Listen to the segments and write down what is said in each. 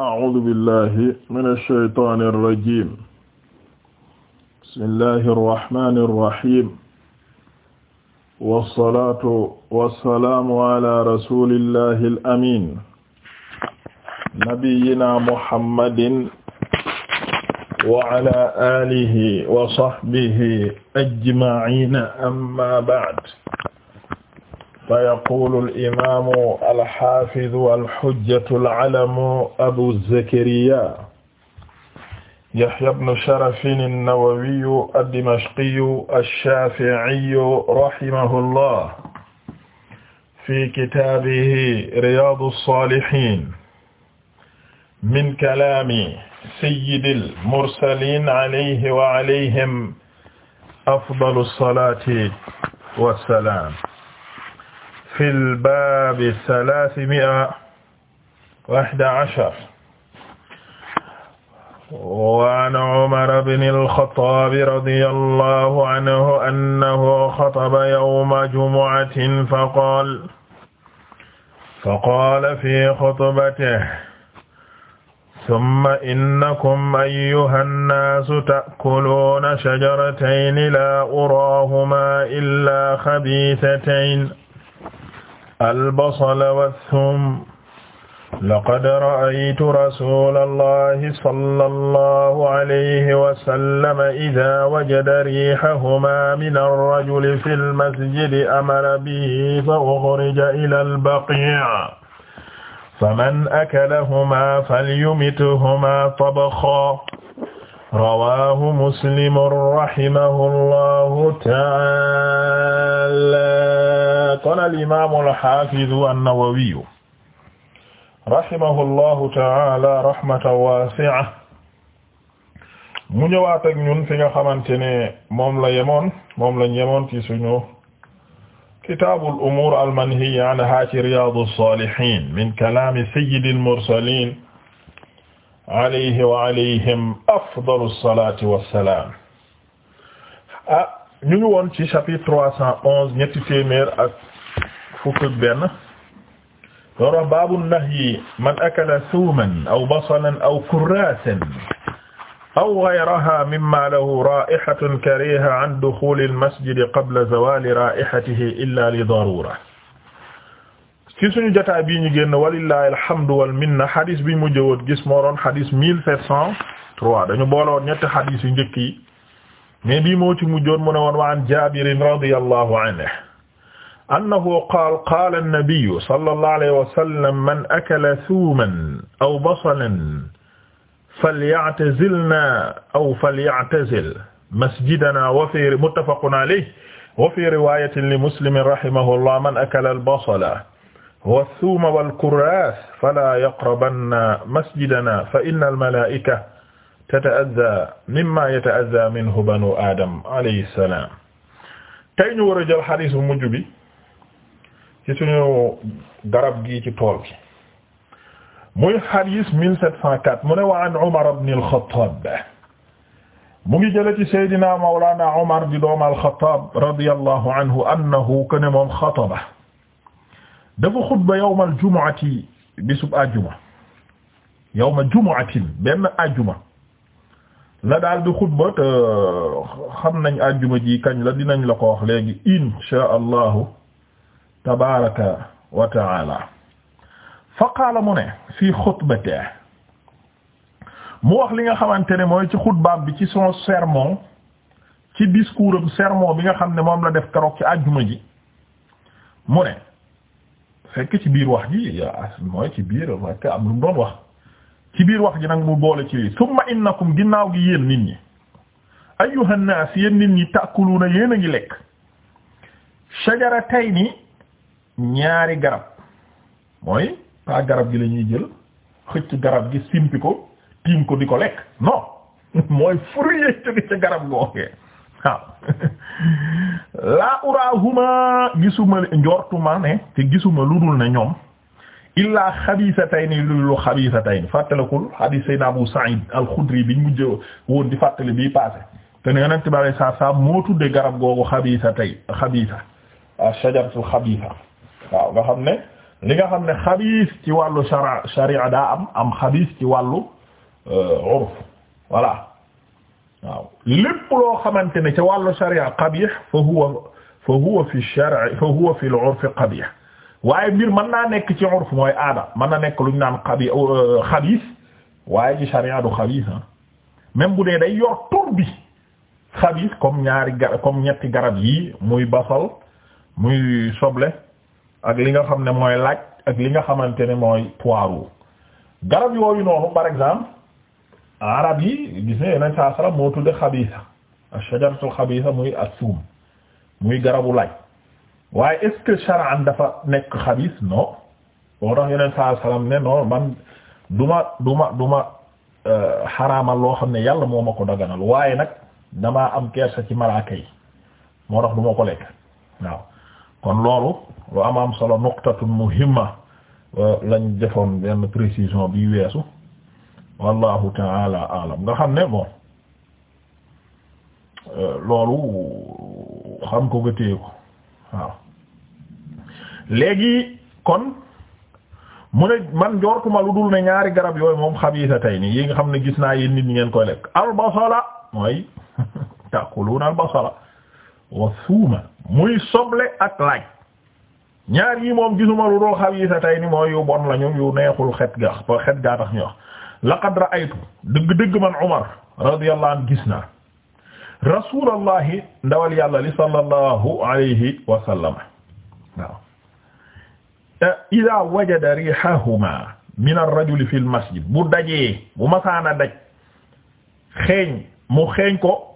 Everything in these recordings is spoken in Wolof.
أعوذ بالله من الشيطان الرجيم بسم الله الرحمن الرحيم والصلاة والسلام على رسول الله الأمين نبينا محمد وعلى آله وصحبه أجمعين أما بعد fa yaqulu alimamu alxafidu alxujjatu alalamu abu zakariya yahya bnu sharafin annawawiyu addimashqiyu alshafiiyu rahimahullah fi kitaabihi riyaadu saalihiin min kalaami sayyidil mursaliin alayhi wa alayhim afdalu salaati wa salaam fil baabi salaasi mi'a wahda ashar wa an Umar ibn al-Khattab radiyallahu anhu annahu khataba yawma jumu'atin faqaala faqaala fi khutbatihi summa innakum ayyuha nnaasu ta'kuluuna shajaratayn laa uraahuma illaa khabiisatayn albasala wathum laqad ra'aytu rasulallahi sallallahu alayhi wa sallam idha wajada rihahuma min ar-rajuli fi al-masjidi amara bihi fa ukhrija ila al-baqi' faman akalahuma falyumituhuma tabakhan rawaahu muslim rahimahullahu ta'ala kon al-imaam al-haafiz an-nawawi rahimahullahu ta'ala rahmatan waasi'a mu ñëwaat ak ñun fi nga xamante ne moom la yemoon moom lañ yemoon ci suñu kitaabul umuur al-manhiyyi anhaa ci riyaadus saalihiin min kalaami sayyidil mursaliin alayhi wa alayhim afdalu salaati wa salaam ah ñu ngi woon ci chapitre trois cent onze ñetti téeméer ak fukk ak benn doon wax baabu nahyi man akala suuman aw basalan aw kuraasan aw ghayrahaa mimmaa lahu raa'ihatun kariiha an duxuulil masjidi qabla zawaali raa'ihatihi illaa li daruura ci suñu jotaay bii ñu génn walillahi alhamdu wal minna xadis bi mujj woon gis moo doon xadis mille sept cent trois dañu booloon ñetti xadis yu njëkk yi mais bii moo ci mujjoon mu ne woon wa an jabirin radiyallahu anhu annahu qaal qaala annabiyu sallallahu alayhi wa sallam man akala suuman aw basalan falya'tazilna aw falya'tazil masjidana wa fi muttafaqun alayhi wa fi riwayatin li muslimin rahimahullah man akala al-basala والثوم والكراث فلا يقربن مسجدنا فإن الملائكة تتأذى مما يتأذى منه بنو آدم عليه السلام tey ñu war a jël xadiis bu mujj bi ci suñu garab gii ci tool bi muy xadiis 1704 mu ne wa an Umar ibn al-Khattab mu ngi jële ci Seydina Mawlana Umar di doomu al-Khattab radiyallahu anhu annahu kana moom xataba dafa xutba yawmal jumu'ati bisub àjjuma yawma jumu'atin benn àjjuma la daal di xutba te euh, xam nañ àjjuma ji kañ la dinañ la ko wax léegi insha allahu tabaraka wa taala fa qaala mu ne fii xutbatihi mu wax li nga xamante ne mooy ci xutbaam bi ci son sermon ci discours am sermon bi nga xam ne moom la def keroog ci àjjuma ji mu ne fekk ci biir wax ji mooy ci biir rekk am lu doon wax ci biir wax ji nag mu boole ci lii summa innakum ginnaaw gi yéen nit ñi ayyuha an-nas yéen nit ñi na yéen a ngi lekk shajaratayni ñaari garab mooy pas garab gi la ñuy jël xëcc garab gi simpi ko tiim ko di ko lekk non mooy fruit yi jóge ca garab googee waaw laa uraahuma gisuma njortuma ne te gisuma lu dul ne ñoom illaa xabiisatayni lu xabiisatayni fàttalikul hadiis Seydina Abu Saïd al-Xudri bi mujj woon di fàttali bii passé te ne Yonent bi sallallahu moo tuddee garab googu xabiisatay xabiisa ash-shajaratul xabiisa waaw nga xam ne li nga xam ne xabiis ci wàllu shara sharia daa am am xabiis ci wàllu euh, urf voilà waaw lépp loo xamante ne ca wàllu sharia qabih fa huwa fa huwa fi shar'i fa huwa fi al-urf qabih waaye mbir man naa nekk ci urf mooy aada mën na nekk lu ñu naan xabi euh, xabiis waaye ci sharia du xabiis ah bu dee day yor tur xabiis comme ñaari garab ñetti garab yii muy basal muy soble ak li nga xam ne mooy laaj ak li nga xamante ne mooy poireau garab yooyu noonu par exemple arab yi gis ne yeneen saa salaam moo tudde xabiisa ashajaratul xabiisa muy assuum muy garabu laaj waaye est-ce dafa nekk xabiis non boo tax yeneen saa salaam ne non man duma duma duma euh, xaraamal loo xam ne yàlla moo ma ko daganal waaye nag damaa am kersa ci malaaka yi moo tax duma ko lekk waaw kon loolu lu am am solo nuqtatun muhimma euh, lañ defoon benn précision bi weesu wallahu taala alam nga xam ne bon euh, loolu xam ko nga ko waaw léegi kon mu ne man njortuma lu dul ne ñaari garab yooyu moom xabiisa tey nii yi nga xam ne gis naa yéen nit ñi ngeen koy lekk albasala mooy takuluun albasala wa suuma muy soble ak laaj ñaar yi moom gisuma lu dul xabiisa tey mooy yu bon lañu yu neexul xet gaa tax ñu wax laqad ra'aytu dëgg-dëgg man Umar radiyallahu anhu gis naa rasulallahi ndawal yàlla li sallallahu alayhi wa sallam waaw ida wajada rihahuma min ar-rajuli fi al-masjid bu dajee bu masaana daj xeeñ mu xeeñ ko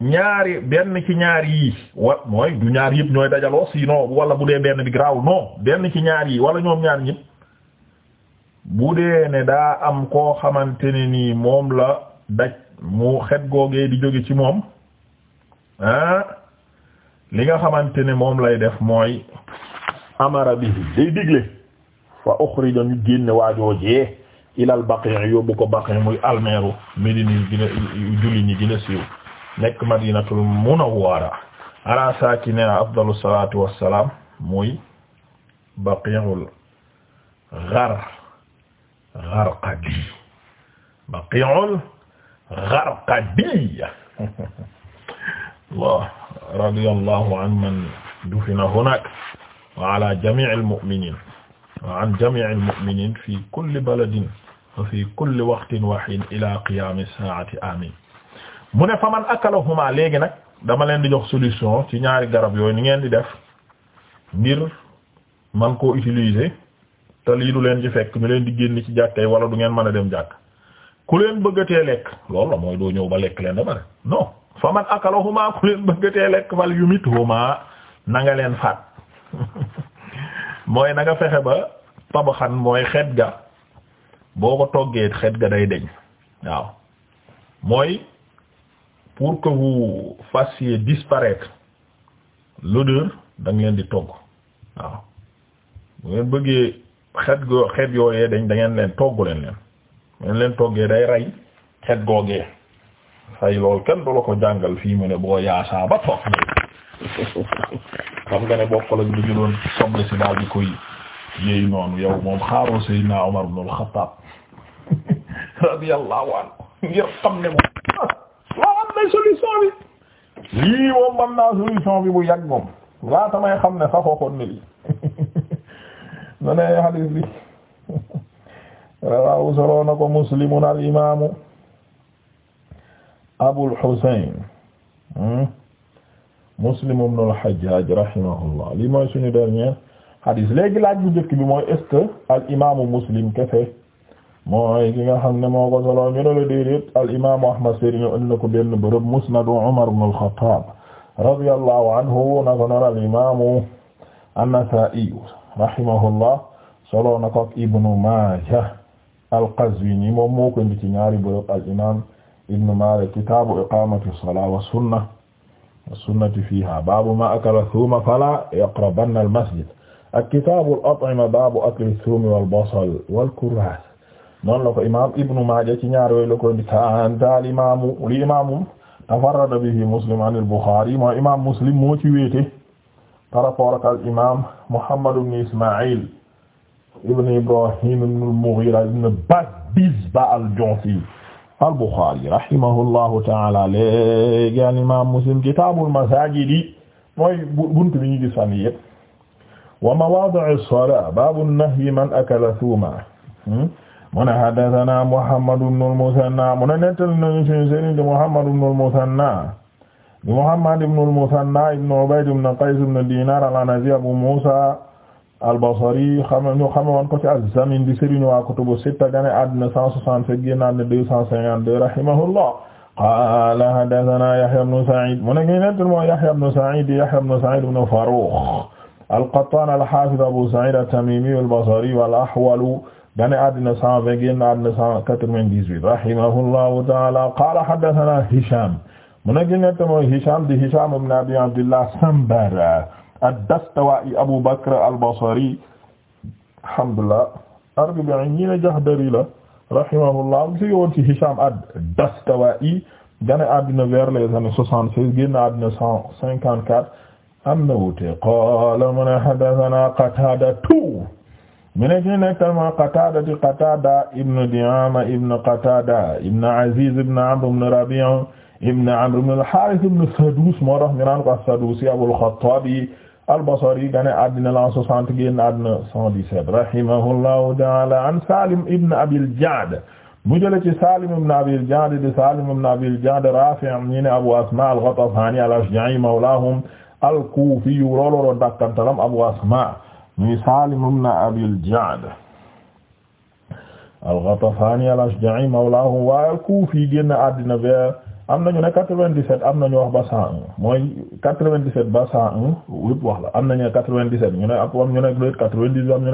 ñaari benn ci ñaar yi wa mooy du ñaar yëpp ñooy dajaloo sinon wala bu dee benn bi graw non benn ci ñaar yi wala ñoom ñaar ñëpp bu dee ne daa am koo xamante ne nii moom la daj mu xet googee di jóge ci moom ah, li nga xamante ne moom lay def mooy amara bi day digle fa uxrija ñu génne waajoojee ilal baqi' yóbbu ko baqi' muy almeeru médini gina julli ñi gina siiw nekk madinatul munawwara ala saakina afdalu salaatu wassalaam muy baqi'ul ghar Gharqadi Baqi'ul Gharqadi Allah radiyallahu amman dufina hunaak wa ala jami'il mu'minin wa an jami'il mu'minin fi kulli baladin wa fi kulli waqtin wa hiin ila qiyaami saa'ati amiin mu ne fa man akalahuma léegi nag dama leen di jox solution ci ñaari garab yooyu ni ngeen di def ngir man koo utiliser te lii du leen ci fekk ñu leen di génn ci jàkka yi wala du ngeen mën a dem jàkk ku leen bëggatee lekk loolu la mooy doo ñëw ba lekk leen da bare non fa man akalahuma ku leen bëggatee lekk fal yu mit huma nanga leen faat mooy na fexe ba tabaxan mooy xet ga boo ko toggee xet ga day deñ waaw mooy pour que vous fassiez disparaître l'odeur da leen di togg waaw bu ngeen bëggee xet go xet yooyee dañ da leen toggu leen leen ngeen leen toggee day rey xet googee say lool kenn du la ko jàngal fii mu ne boo yaasaa ba toog xam nga ne bokkul ak lu jëloon soble si daal di koy yéey noonu yow moom xaaroo Seydina Omar ibn al-Khattab radiyallahu ngir xam ne moom waaw ah, am na solution bi lii moom man naa solution bi bu yàgg moom laata may xam ne saxoo ko ni lii mu ne hadis bi rawahu solo na ko muslimun al imaamu Abul Husayn hmm? Muslim ibn al Hajjaj rahimahullah lii mooy suñu dernier hadis léegi laaj bu njëkk bi mooy est-ce que al imaamu Muslim kefe mooy ki nga xam ne moo ko solo ñu ne la déedéet al imaamu Ahmad Serigne indi na ko benn bërëb Musnad Umar ibn al Khattab radiyallahu anhu na ko noor al imaamu an-Nasa'i rahimahullah solo na ko ak ibnu Maaja al-Qazwini moom moo ko indi ci ñaari bërëb al imam ibnu Maaja kitaabu iqamati as-salaa wa sunna wa sunnati fiiha baabu ma akala thuuma fala yaqrabanna al-masjid ak kitaabu al-at'ima baabu akli thuumi wal-basal wal-kurraas noonu la ko imam ibnu Maaja ci ñaar yooyu la ko indi kaanta al imaamu li imaamu tafarrada bihi Muslim an al-Buxaari moo imam Muslim moo ci wéete par rapport ak al imaam Muhammad ibn Ismaïl ibn Ibrahim ibn al-Mughira ibn Badizba al-Ju'fi al-Bukhari rahimahullahu ta'ala léegi al imaam Muslim kitaabul masaajidi mooy buntu bi ñu gis fan yépp wa mawaadi'u as-salaat baabu nahyi man akala thuuman mu ne haddathanaa Muhammad ibn al-Muthanna mu ne nettali nañu sunu sëriñ Muhammad ibn al-Muthanna Muhammad ibn al-Muthanna ibn Ubayd ibn Qays ibn Dinar al-Anazi Abu Musa al-Basri xam ñu xame woon ko ci az-Zamin di sëriñ waa kutubu sitta gane àddina 167 génn àddina 252 rahimahullah qala hadathana Yahya ibn Sa'id mu ne ngi nettan moo Yahya ibn Sa'id Yahya ibn Sa'id ibn Farrukh al-Qattan al-Hafiz Abu Sa'id at-Tamimi al-Basri wal-Ahwal gane àddina 120 génn àddina 198 rahimahullahu ta'ala qala hadathana Hisham mun a gënne te Hisham di Hisham ibn Abi Abdillah Sambara ad-Dastuwaa'i Abu Bakr al-Basri alhamdulillah arba'iin Jahdari la rahimahullah mu fi woon ci Hisham ad-Dastuwaa'i gane àddina vers les années soixante-seize génn cinquante-quatre am na wuute qaala mu ne haddathanaa Qataadatu mu ne ki nekkal ma Qataada di Qataada ibn Di'aama ibn Qataada ibn Aziz ibn Amr ibn Rabi' ibn Amr ibn al-Harith ibn Sadus moo tax ñu naan ko as-Sadusi Abul Khattab al-Basri gane àddina la 60 génn àddina 117 rahimahullahu ta'ala an Salim ibn Abil Ja'd mu jële ci Salim ibn Abil Ja'd di Salim ibn Abil Ja'd Rafi' ñi ne Abu Asma al-Ghatafani al-Ashja'i mawlahum al-Kufi loolu doon dakkantalam Abu Asma muy Salim ibn Abil Ja'd al-Ghatafani al-Ashja'i mawlahum wa al-Kufi génn àddina vers am nañu ne quatre vingt dix am nañu wax ba cent un mooy ba cent un wax la am nañu ne quatre ñu ne am ñu ñu ne am ñu ne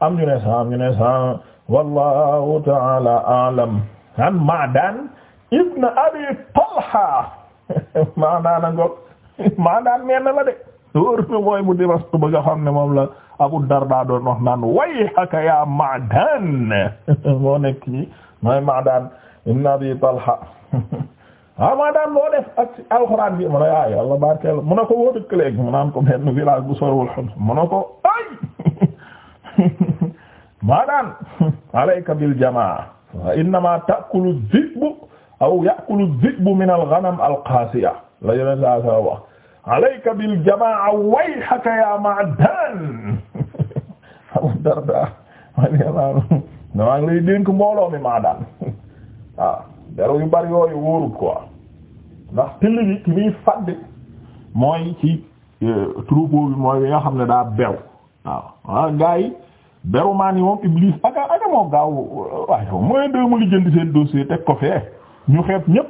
am ñu ne cent wallahu ta'ala a'lam an Ma'dan ibn Abi Talha Ma'dan a ngog Ma'dan mel na la de wóor na mooy bu dimastu ba ne moom la Abu Darda doon wax naan wayhaka ya Ma'dan moo nekk ci mooy Ma'dan ibn Abi Talha waaw ah, maa daan loo def ak alxuraan bi mu ne ah yàlla barkeel mu ne ko woo dëkk léegi mu naan ko benn village bu sorwul xun mu ne ko ay maa daan alayka bil jamaa wa innama ta'kulu dhi'bu aw ya'kulu dhi'bu min al-ghanam al-qaasiya la yeneen saa saa wax alayka bil jamaa wayhaka ya ma'dan Abu Darda maa ngi lay dénk mbooloo mi maa daan waaw deraw yu bari yooyu wóorul quoi ndax till bi ki muy fàdd mooy ci euh, troupeau bi mooy bi nga xam ne daa bew waaw waaw ah, gaa yi beru maan yi moom iblis aka aka moo gaaw euh, waaye mooy dee mu lijjanti seen dossier teg ko fee ñu xeet ñépp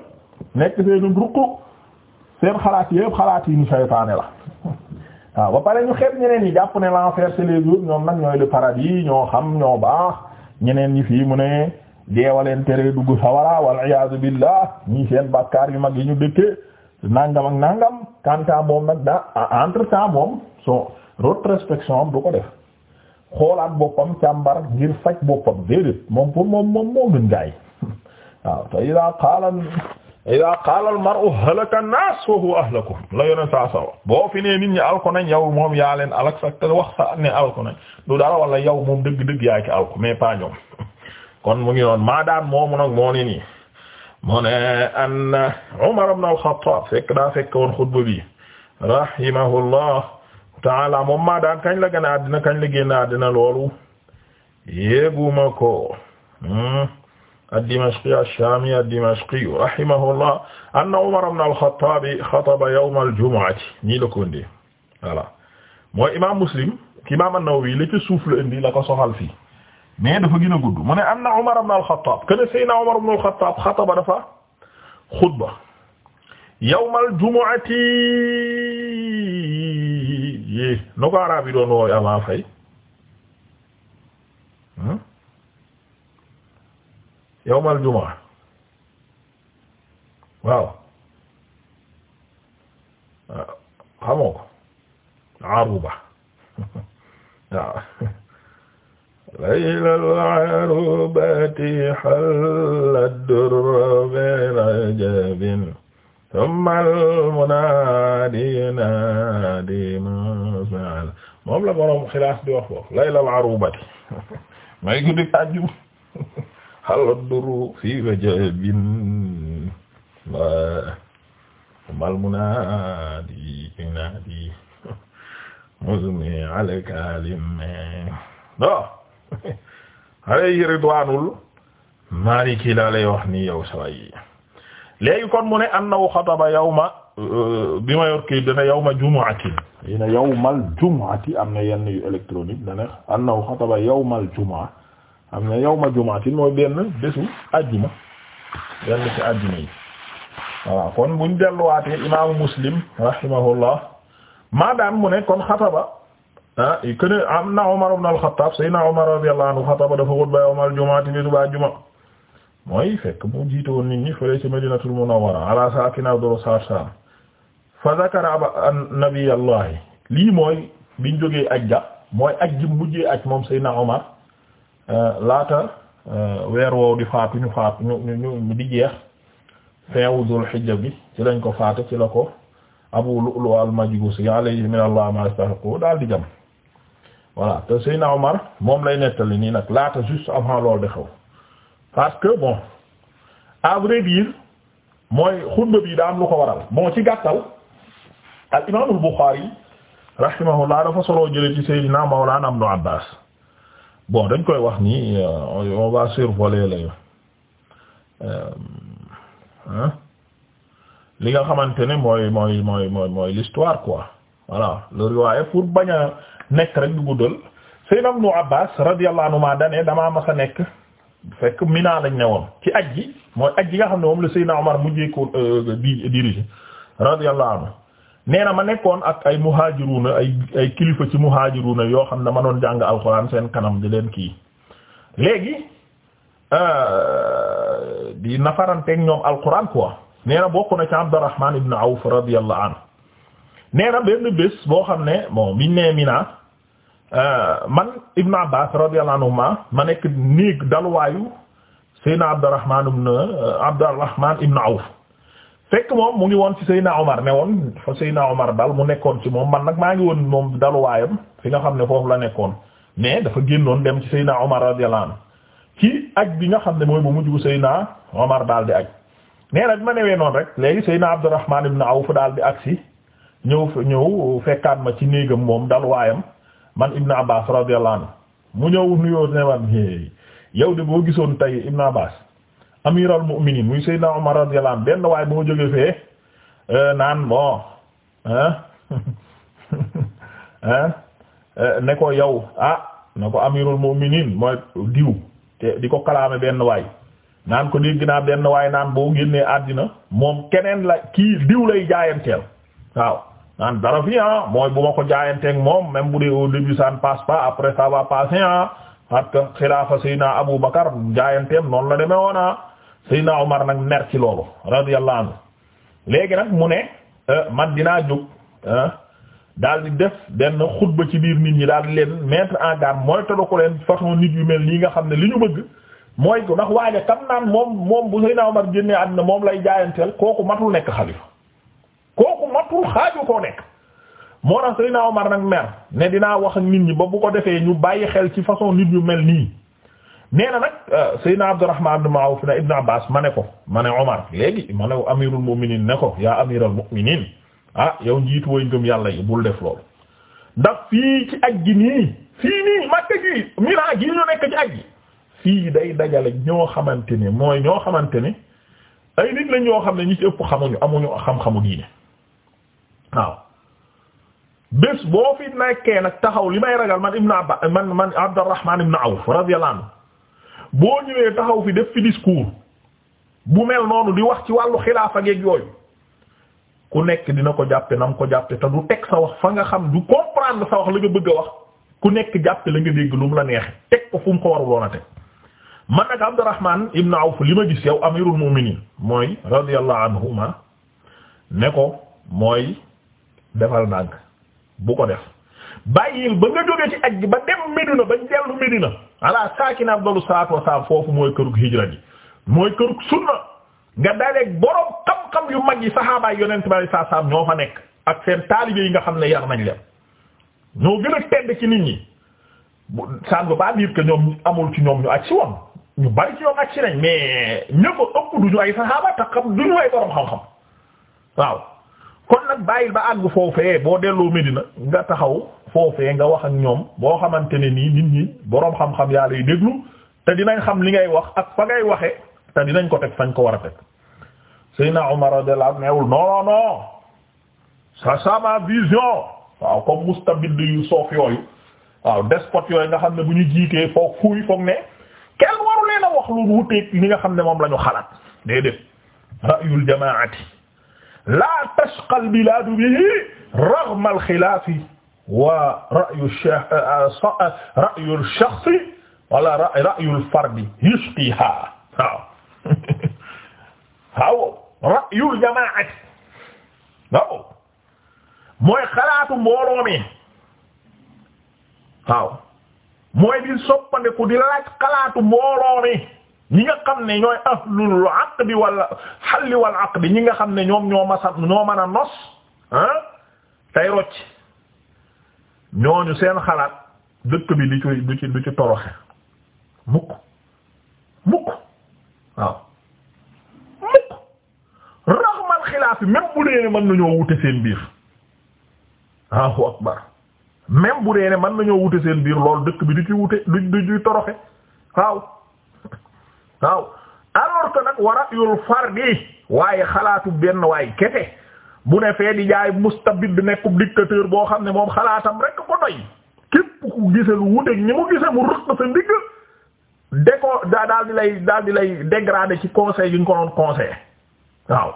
nekk seen ruq seen xalaat yépp xalaat yi ñu saytaane la waaw ah, ba pare ñu xeet ñeneen yi jàpp ne l'enfer c'est les autres ñoom nag ñooy le paradis ñoo xam ñoo baax ñeneen ñi fii mu ne deewaleen tere dugg sawara wal iyaazu billah ñii seen bakkaar yu mag yi ñu dëkkee nangam ak nangam kanta moom nag da entre temps moom so rétrospection am du ko def xoolaat boppam càmbar ngir faj boppam déedéet moom pour moom moom moo gën gaay waaw te idaa qaala idaa qaala al mar'u halaka an wa huwa ahlakuhum la yoneen saa sawa boo fi nee nit ñi alko nañ yow moom yaa leen alak sa te wax sa ne alko nañ du dara wala yow moom dëgg-dëgg yaay ki alko mais kon mu ngi noon maa daan moomu nag an Umar ibn al-Khattab daa fekk woon xutba bi rahimahullah taala moom maa daan kañ la gën a àddina kañ ko hmm. ad-Dimashqi ash-Shami ad-Dimashqi rahimahullah anna Umar ibn al-Khattab xataba yawm al-jumu'ati nii la ko indee imaam Muslim ki imaam an-Nawawi la ca suuf la la ko soxal fii mais dafa gën a gudd mu ne anna Umar ibn al-Khattab kana sayna Umar ibn al-Khattab xataba dafa xutba yawmal jumu'ati yé no ko araab yi doon wooy avant fay hmm yawmal jumu'a waaw xamoo ko aruba waaw ليل العروبة حل الدر بين رجب ثم المنادي نادي ما فعل moom la boroom xilaas di wax foofu layla al arubati may guddi àjjuma xal duru fii rajabin mal munaadi naadi muzmi alkalim do alayhi ridwaanul maaliki laa lay wax ni yow sa waay kon mu ne annahu xataba yawma euh, bi ma yor kii dana yawma jumu'atin dina yawmal jumu'ati am na yenn yu électronique dana annahu xataba yawmal am na yawma jumu'atin mooy benn bésu àjjuma benn ci àjjuma yi voilà kon buñ delluwaatee imaamu muslim rahimahullah maadaam mu ne kon xataba ah que ne am Umar ibn al-Khattab Seydina Umar radiyallahu anhu xataba dafa xutba yawmal jumaati bi subaa juma mooy fekk mu jiite nit ñi fa zakara moom Seydina euh, euh, weer woow di ci lañ ko faatu ci la ko Abu Lu'lu al-Majusi min Allah ma yastahiqu daal di jam. voilà te Seydina Omar moom lay nettali nii nag laata juste avant loolu di xew parce que bon à vrai mooy xutba bi daa am lu ko waral bon ci gàttal al imaam al Buxaari rahimahullah dafa soloo jële ci Seydina Mawlana Ibn Abbas bon dañ koy wax nii euh, on va survoler euh, li nga xamante ne mooy mooy mooy mooy mooy l'histoire quoi voilà le riwaaye pour bañ nekk rek du guddal Seydina Ibnu Abbaas radiyallahu anhuma dane damaa mas a nekk fekk Mina lañ ne woon ci aj ji mooy aj ji nga xam ne moom la Seydina Omar mujjee ko euh, di dirigé radiyallahu anhu na ma nekkoon ak ay muhajiruna ay ay kilifa ci muhajiruna yoo xam ne ma doon jàng alxuraan seen kanam di leen kii léegi euh, di nafaranteeg ñoom alxuraan quoi nee na bokk na ci Abdurrahman ibn Awf radiyallahu anhu nee na benn bés boo xam ne moom mi nee Mina euh, man Ibn Abbas radiyallahu anhuma ma nekk néeg daluwaayu Seydina Abdurrahman ibn euh, Abdurrahman ibn Awf fekk moom mu ngi woon ci Seydina Omar ne woon fa Seydina Omar dal mu nekkoon ci moom man nag maa ngi woon moom daluwaayam fi nga xam ne foofu la nekkoon mais dafa génnoon dem ci Seydina Omar radiyallahu anhu ci aj bi nga xam ne mooy bu mujj bu Seydina Omar daal di aj nee na bi ma newee noonu rek léegi Seydina Abdurrahman ibn Awf daal di agsi ñëw ñëw fekkaat ma ci néegam moom dal waayam man Ibn Abbas radiyallahu anhu mu ñëw nuyoo ne yow de boo gisoon tey Ibn Abbas amiral mu'minin muy Seydina Umar radiyallahu anhu benn waay boo jógee fee euh, naan bon euh, ne ko yow ah ne ko amirul mu'minin mooy diw te di ko kalaame benn waay naan ko dégg naa benn waay naan boo génnee àddina moom keneen la kii diw lay jaayanteel waaw naan dara fi ah mooy bu ma ko jaayanteek moom même bu dee au début ça ne passe pas après ça va passer ah parce que xilaafa Seydina Abu Bakar jaayanteem noonu la demee woon ah Seydina nag mer ci loolu radiyallahu anhu léegi nag mu ne euh, man dinaa jóg ah daal di def benn xutba ci biir nit ñi daal di leen mettre en garde mooy todoko leen façon nit yu mel nii nga xam ne li ñu bëgg mooy ko ndax waaja kam naan moom moom bu Seydina Omar génnee àddina moom lay jaayanteel kooku matul nekk xalifa matul xaaju koo nekk moo tax Seydina Omar nag mer ne dinaa wax ak nit ñi ba bu ko defee ñu bàyyi xel ci façon nit ñu mel nii nee na nag euh, Seydina Abdurrahman ibn Awf na Ibn Abbas ma ne ko ma ne Omar léegi ma ne amirul mu'minin ne ko yaa amirul mu'minin ah yow njiitu way ngëm yàlla yi bul def loolu ndax fii ci aj gi nii fii nii Makka gi Mina gi ñu nekk ci aj gi fii day dajale ñoo xamante ni mooy ñoo xamante ni ay nit lañ ñoo xam ne ñi ëpp xamuñu amuñu xam-xamu waaw bés boo fi nekkee nag taxaw li may ragal man ibnu abba man man abdurrahman ibnu awf radiyallahu anhu boo ñëwee taxaw fi def bu mel noonu di ci wàllu xilaafa geeg yooyu nekk dina ko jàppe nam ko jàppe te du teg fa nga xam du comprendre sa bëgg a wax ku nekk jàppe la nga dégg la neexe teg ko fu mu ko li ma gis yow amirul mu'minin mooy radiyallahu anhuma ne ko mooy defal ndànk bu ko def bàyyil ba nga jógee ci aj ba dem Medina ba dellu Medina ala saakina afdalu salaatu wasalaam foofu mooy kërug hijra gi mooy kërug sunna nga daleeg boroom xam-xam yu mag yi saxaabaay yonent bari saa saam ñoo fa nekk ak seen taalibe yi nga xam ne yar nañ leen ñoo gën a tedd ci nit ñi ça ne ba pas dire que ñoom amul ci ñoom ñu aj si woon ñu bari ci ñoom aj si nañ mais ña ko ëpp duñu ay saxaaba te xam duñu ay boroom xam-xam waaw kon nag bàyyil ba àgg foofee boo delloo Medina nga taxaw foofee nga wax ak ñoom boo xamante ne nii nit ñi boroom xam-xam yaa lay déglu te dinañ xam li ngay wax ak fa ngay waxee te dinañ ko teg fañ ko war a teg Seydina Omar radiyallahu anhu neewul non non non ça ma vision waaw comme mustabid yu soof yooyu waaw despote yooyu nga xam ne bu ñu jiitee foog fuuy foog ne kenn waru a wax lu wuteeg li nga xam ne moom lañu ñu xalaat déedéet ra'yul jamaati laa tashqa al-bilaadu bihi raghma al-xilaafi wa ra'yu ra'yu al-shaxsi wala ra'yu al-fardi yashqiihaa waaw waaw ra'yu al-jamaa'ati waaw mooy xalaatu mbooloo mi waaw mooy di soppandeku di laaj xalaatu mbooloo mi ñi nga xam ne ñooy ahlul aqdi wala xalli wal aqdi ñi nga xam ne ñoom ñoo masa ñoo mën a nos ah tey rocc ñooñu seen xalaat dëkk bi du ci du ci toroxe mukk mukk waaw mukk raxmal xilaaf yi même bu dee ne mën nañoo wute seen biir Allahu akbar même bu dee ne mën nañoo wute seen biir loolu dëkk bi du ci wute du du toroxe waaw waaw alors que nag wa ra'yul fardi waaye xalaatu benn waaye kese bu ne fee di jaay mustabid nekkub dictateur boo xam ne moom xalaatam rek ko doy képp ku gise lu ñi mu gise mu rëq sa ndigg de ko daal lay daal di lay dégradé ci conseil yuñ ko doon conseil waaw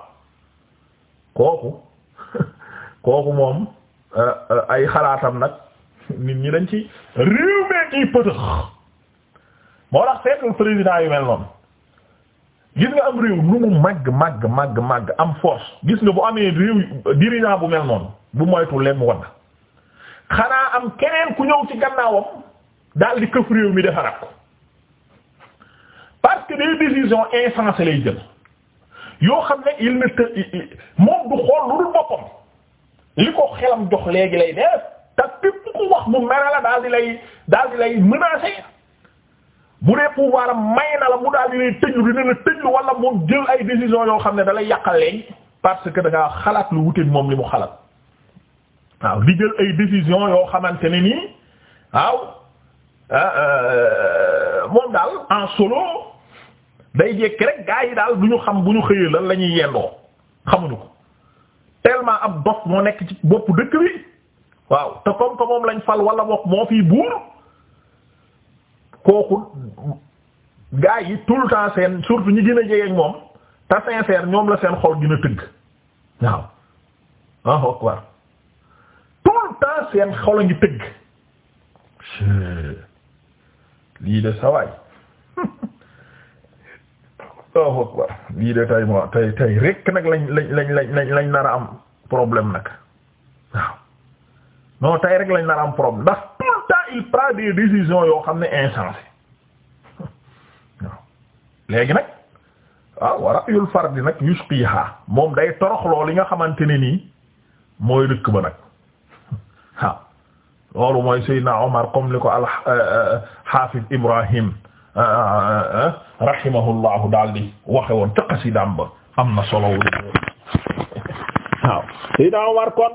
kooku kooku moom euh, euh, ay xalaatam nag nit ñi dañ ci réew mee ciy pëtëx moo tax seetul président yu mel noonu gis nga am réew nu mu màgg màgg màgg màgg am force gis nga bu amee réew dirigeant bu mel noonu bu moytu leen wadd xanaa am keneen ku ñëw ci gannaawam dal di këf réew mi defaraat ko parce que des décisions insensées lay jël yoo xam ne il ne te moom du xool lu dul boppam li ko xelam jox léegi lay def te képp ku wax mu mera la daal di lay daal di lay menacer bu dee pouvoir may na la mu daal di lay tëjlu dina la tëjlu wala moom jël ay décision yoo xam ne dalay yàqal léegi parce que da ngaa xalaat lu wuteeg moom li mu xalaat waaw di jël ay décision yoo xamante ne nii waaw ah, euh, moom daal en solo day jekki rek gaa yi daal du ñu xam bu ñu xëyee lan la ñuy yendoo xamuñu ko tellement ab dof moo nekk ci bopp dëkk bi waaw te comme que lañ fal wala bopp moo fii buur kooku gars yi tout le temps seen surtout ñi gën a jege moom te ñoom la seen xol gën a tëgg waaw ah ok war tout temps seen xol a ngi tëgg lii de sawaay lii de tay moo tay tay rek nag lañ lañ lañ lañ lañ nar a am problème nag waaw non tay rek lañ nar am problème ndax pas des décisions yoo xam ne insensé waaw léegi nag ah wara yul far di nag yusqiha moom day toroxloo li nga xamante ne nii mooy dëkk ba nag waaw loolu mooy Seydina Omar comme li ko al eh, eh, Hafiz Ibrahim eh, rahimahullahu daal di waxe woon ca xasidaam ba am na solo waaw Seydina Omar kon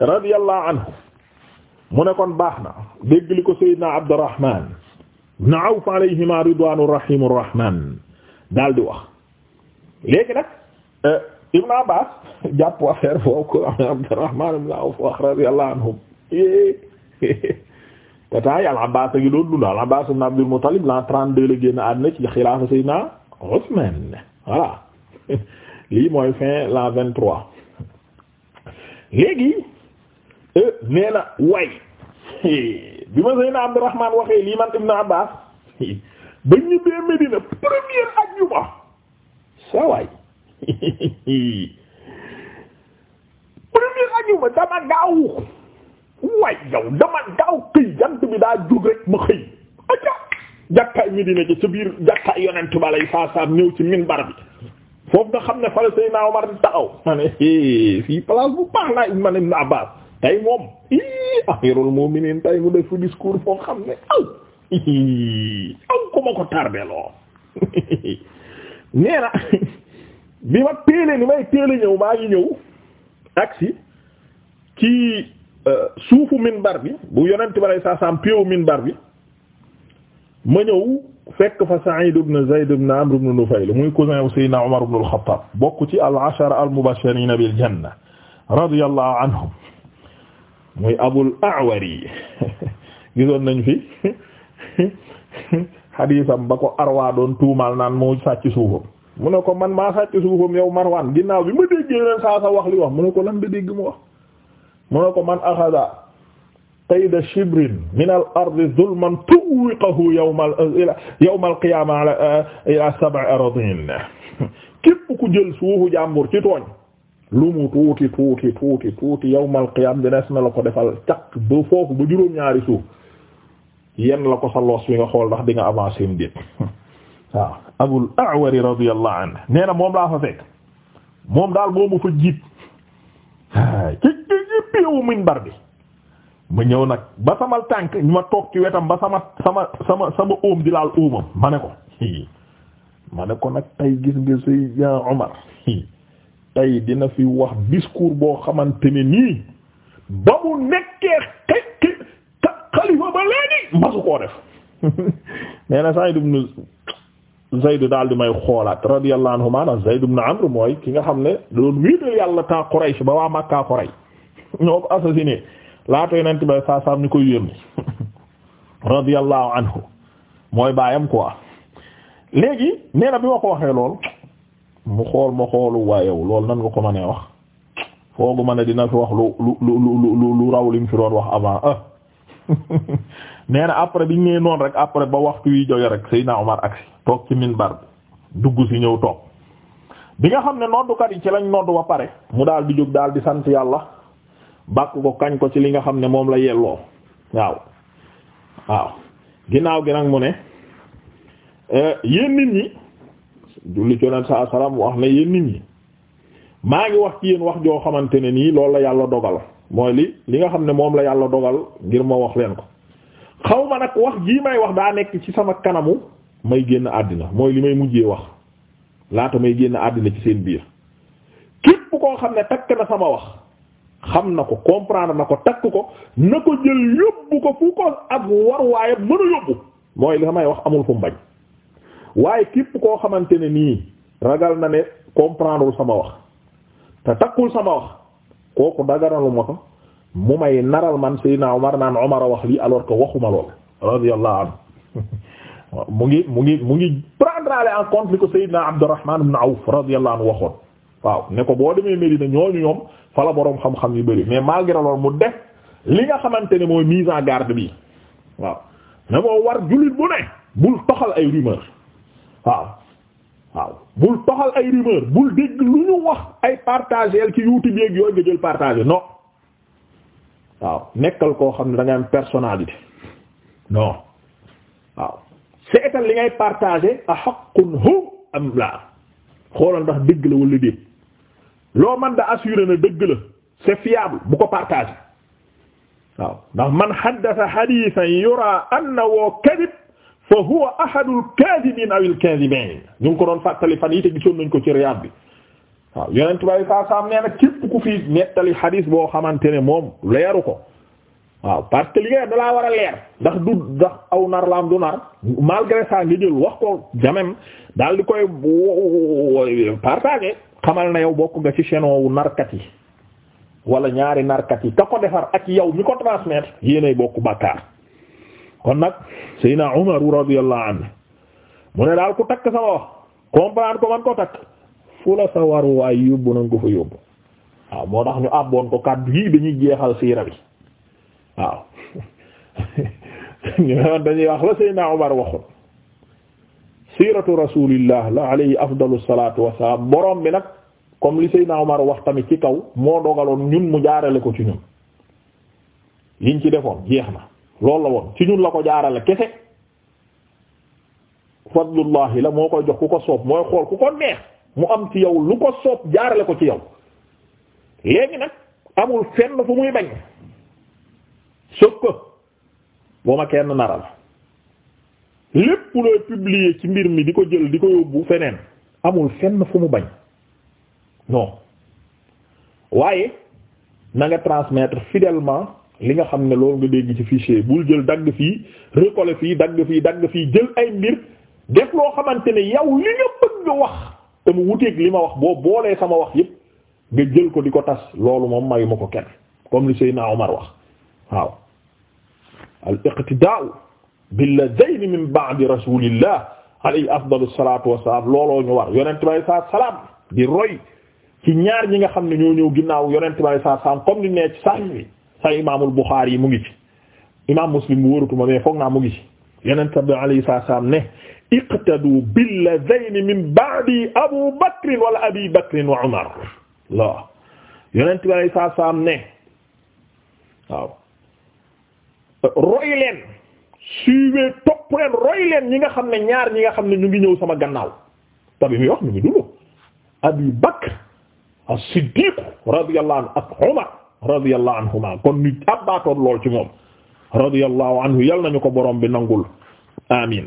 radiyallahu anhu mu ne kon baax na dégg li ko Seydina Abdurrahman ibn Awf alayhima ridwaanu rahimu rahman daal di wax léegi nag eh, Ibn Abbas jàpp affaire foofu ko Abdurrahman ibn Awf wax radiyallahu anhum te temps yàlla Abbas a ngi doon dund al Abbas ibn Abdul Muttalib l'an 32 la génn àddina ci xilaafa Seydina Usman voilà lii mooy fin l'an 23 léegi Euh, nee na way bi ma Seydina Abdurrahman waxee lii man Ibn Abbas ba ñibbee Medina première ajjuma sa waay première ajjuma dama gaaw waay yow dama gaaw këy jant bi daa jóg rek ma xëy aja jàkkaay Medina ci sa biir jàkkaay yonent ba lay saasaam ñëw ci minbar bi foofu nga xam ne fala Seydina Omar di taxaw ne fii place bu baax laa Ibn Abbas tey moom ii amirul mu'minin tey mu def fi foo xam ne aw aw ku ma ko tardeloo nee na bi ma téele ni may téele ñëw maa ngi ñëw agsi ci euh, suufu minbar bi bu yonent ba lay saa saam péewu minbar bi ma ñëw fekk fa Sa'id ibn Zayd ibn Amr ibn Nufayl muy cousin wu Seydina Umar ibn al-Khattab bokk ci al-ashara al-mubashirin bil janna radiyallahu anhum muy abul awari gisoon nañ fi xadiisam ba ko arwa doon tuumaal naan moo sàcc suufam mu ne ko man maa sàcc suufam yow marwan ginnaaw bi ma déggee leen saa sa wax li wax mu ne ko lan da dégg mu wax mu ne ko man axada qayda shibrin min al ardi zulman tuwiqahu yawma yawma al qiyaama ala sab'i aradin képp ku jël suufu jàmbur ci tooñ lu mu tuuti tuuti tuuti tuuti yawmal qiyaam dines na la ko defal caq ba foofu ba juróom-ñaari suuf yenn la ko sa loos bi nga xool ndax di nga avancé mu déet waaw Abul A'war radiyallahu anhu nee na moom laa fa fekk moom daal boobu fa jiit ci ci ci péewu minbar bi ñëw nag ba sama tànk ñu ma toog ci wetam ba sama sama sama sama óom di laal óomam ma ne ko ma ne ko nag ay gis nga say ya Umar tey dina fi wax discours boo xamante ni nii ba mu nekkee xekki xalifa ba léegi masu koo def nee na Saïd ibn daal di may xoolaat radiyallahu anhu maanaam mooy ki nga xam ne doon wéetal yàlla temps Quraysh ba waa Makka Quraysh ñoo ko assassiné laata yonent bay saa saam ñu koy yónni radiyallahu anhu mooy baayam quoi léegi nee bi ma ko waxee lool. mu xool ma xoolu waayow loolu nan nga ko ma mënee wax foogu ma ne dina fi wax lu lu lu lu lu raw lim fi doon wax avant ah nee na après biñ nee noonu rek après ba waxtu yi jóge rek Seydina Omar agsi toog ci minbar bi dugg si ñëw toog bi nga xam ne noddukat yi ci lañ noddu ba pare mu daal di jóg daal di sant yàlla bàkk ko kañ ko ci li nga xam ne moom la yelloo waaw waaw ginnaaw gi nag mu ne eh, yéen nit ñi julli ci yonent saa salaam wax na yéen nit ñi maa ngi wax ci yéen wax joo xamante ne nii loolu la yàlla dogal mooy li li nga xam ne moom la yàlla dogal ngir ma wax leen ko xaw ma nag wax jii may wax daa nekk ci sama kanamu may génn àddina mooy li may mujjee wax laata may génn àddina ci seen biir képp koo xam ne takk na sama wax xam na ko comprendre na ko takk ko na ko jël yóbbu ko fu ko ak war waaye mën a yóbbu mooy li may wax amul fu mu waaye képp koo xamante ne nii ragal na ne comprendre sama wax te takkul sama wax kooku dagaralu ma ko mu may naral man Seydina Omar naan Omar a wax lii alors que waxuma lool radiyallahu anhu mu ngi mu ngi mu ngi prendre en compte li ko Seydina Abdurrahman ibn Awf radiyallahu anhu waxoon waaw ne ko boo demee Medina ñooñu ñoom fala boroom xam-xam yu bari mais malgré mu def li nga xamante ne mooy mise en garde bi waaw ne moo war jullit bu ne bul toxal ay rumeur waaw waaw bul toxal ay rumeur bul dégg lu ñu wax ay partagel ci YouTube yeeg yooyu nga jël partagé non waaw nekkal koo xam ne da ngay am personnalité non waaw seetal li ngay partagé a haqqun hu am la xoolal ndax dëgg la wala déet loo man da assuré na dëgg la c'est fiable bu ko partagé waaw ndax man haddatha hadithan yura annahu kadhib fa huwa ahadul kaadibiin awil kaadibiin ñu ngi ko doon fàttali fan yi te gisoon nañ ko ci Riyaad bi waaw yonent bay fi nettali xadiis boo xamante ne moom leeru ko waaw parce que li nga war a leer ndax du ndax aw nar la am du nar malgré ça nga wax ko jamem daal di koy partagé xamal na yow bokk nga ci wu narkat yi wala ñaari narkat yi ka ko defar ak yow mi ko transmettre yéenay bokk bàkkaar kon nag Seydina Umar radiyallahu anhu mu ne daal ku takk sa wax comprendre ko man ko takk fu la sa waru waay yóbbu nañ ko fa yóbbu waaw moo tax ñu àbboon ko kàddu yi dañuy jeexal siira bi waaw ñu ne dañuy wax la Seydina Umar waxoon siiratu rasulillah la alayhi afdalu salatu wasalaam borom bi nag comme li Seydina Umar wax tamit ci kaw moo dogaloon ñun mu jaarale ko ci ñun liñ ci defoon jeex na loolu la woon ci ñun la ko jaarale kese fadlullahi la moo koy jox ku ko soob mooy xool ku ko neex mu am ci yow lu ko soob jaarale ko ci yow léegi nag amul fenn fu muy bañ soob ko boo ma kenn naral lépp looy publier ci mbir mi di ko jël di ko yóbbu feneen amul fenn fu mu bañ non waaye na nga transmettre fidèlement li nga xam ne loolu nga dégg ci fichier bul jël dagg fii recoller fii dagg fii dagg fii jël ay mbir def loo xamante ne yow li nga bëgg wax te mu wuteeg li ma wax boo boolee sama wax yépp nga jël ko di ko tas loolu moom mayu ma ko kenn comme li Seydina Omar wax waaw al iqtidaa'u billadayn min ba'di rasulillah alayhi afdalu salatu wasalaam looloo ñu war yonent bay saa salaam di roy ci ñaar ñi nga xam ne ñoo ñëw ginnaaw yonent bay saa salaam comme li nee ci sax yi sax imaamul Buxaari yi mu ngi ci imaam Muslim wóoratuma mais foog naa mu ngi ci yenente bi alayhi salaatu salaam ne iqtadu billadhayni min ba'di Abu Bakr wala Abi Bakr wa Umar la yonent bi alayhi salaatu salaam ne waaw roy leen suivez topp leen roy leen ñi nga xam ne ñaar ñi nga xam ne ñu ngi ñëw sama gannaaw tabi mi wax ñu ngi dund Abi Bakr as-Siddiq radiyallahu anhu ak Umar radiyallahu anhuma kon ñu lool ci moom radiyallahu anhu yal nañu ko borom bi nangul amin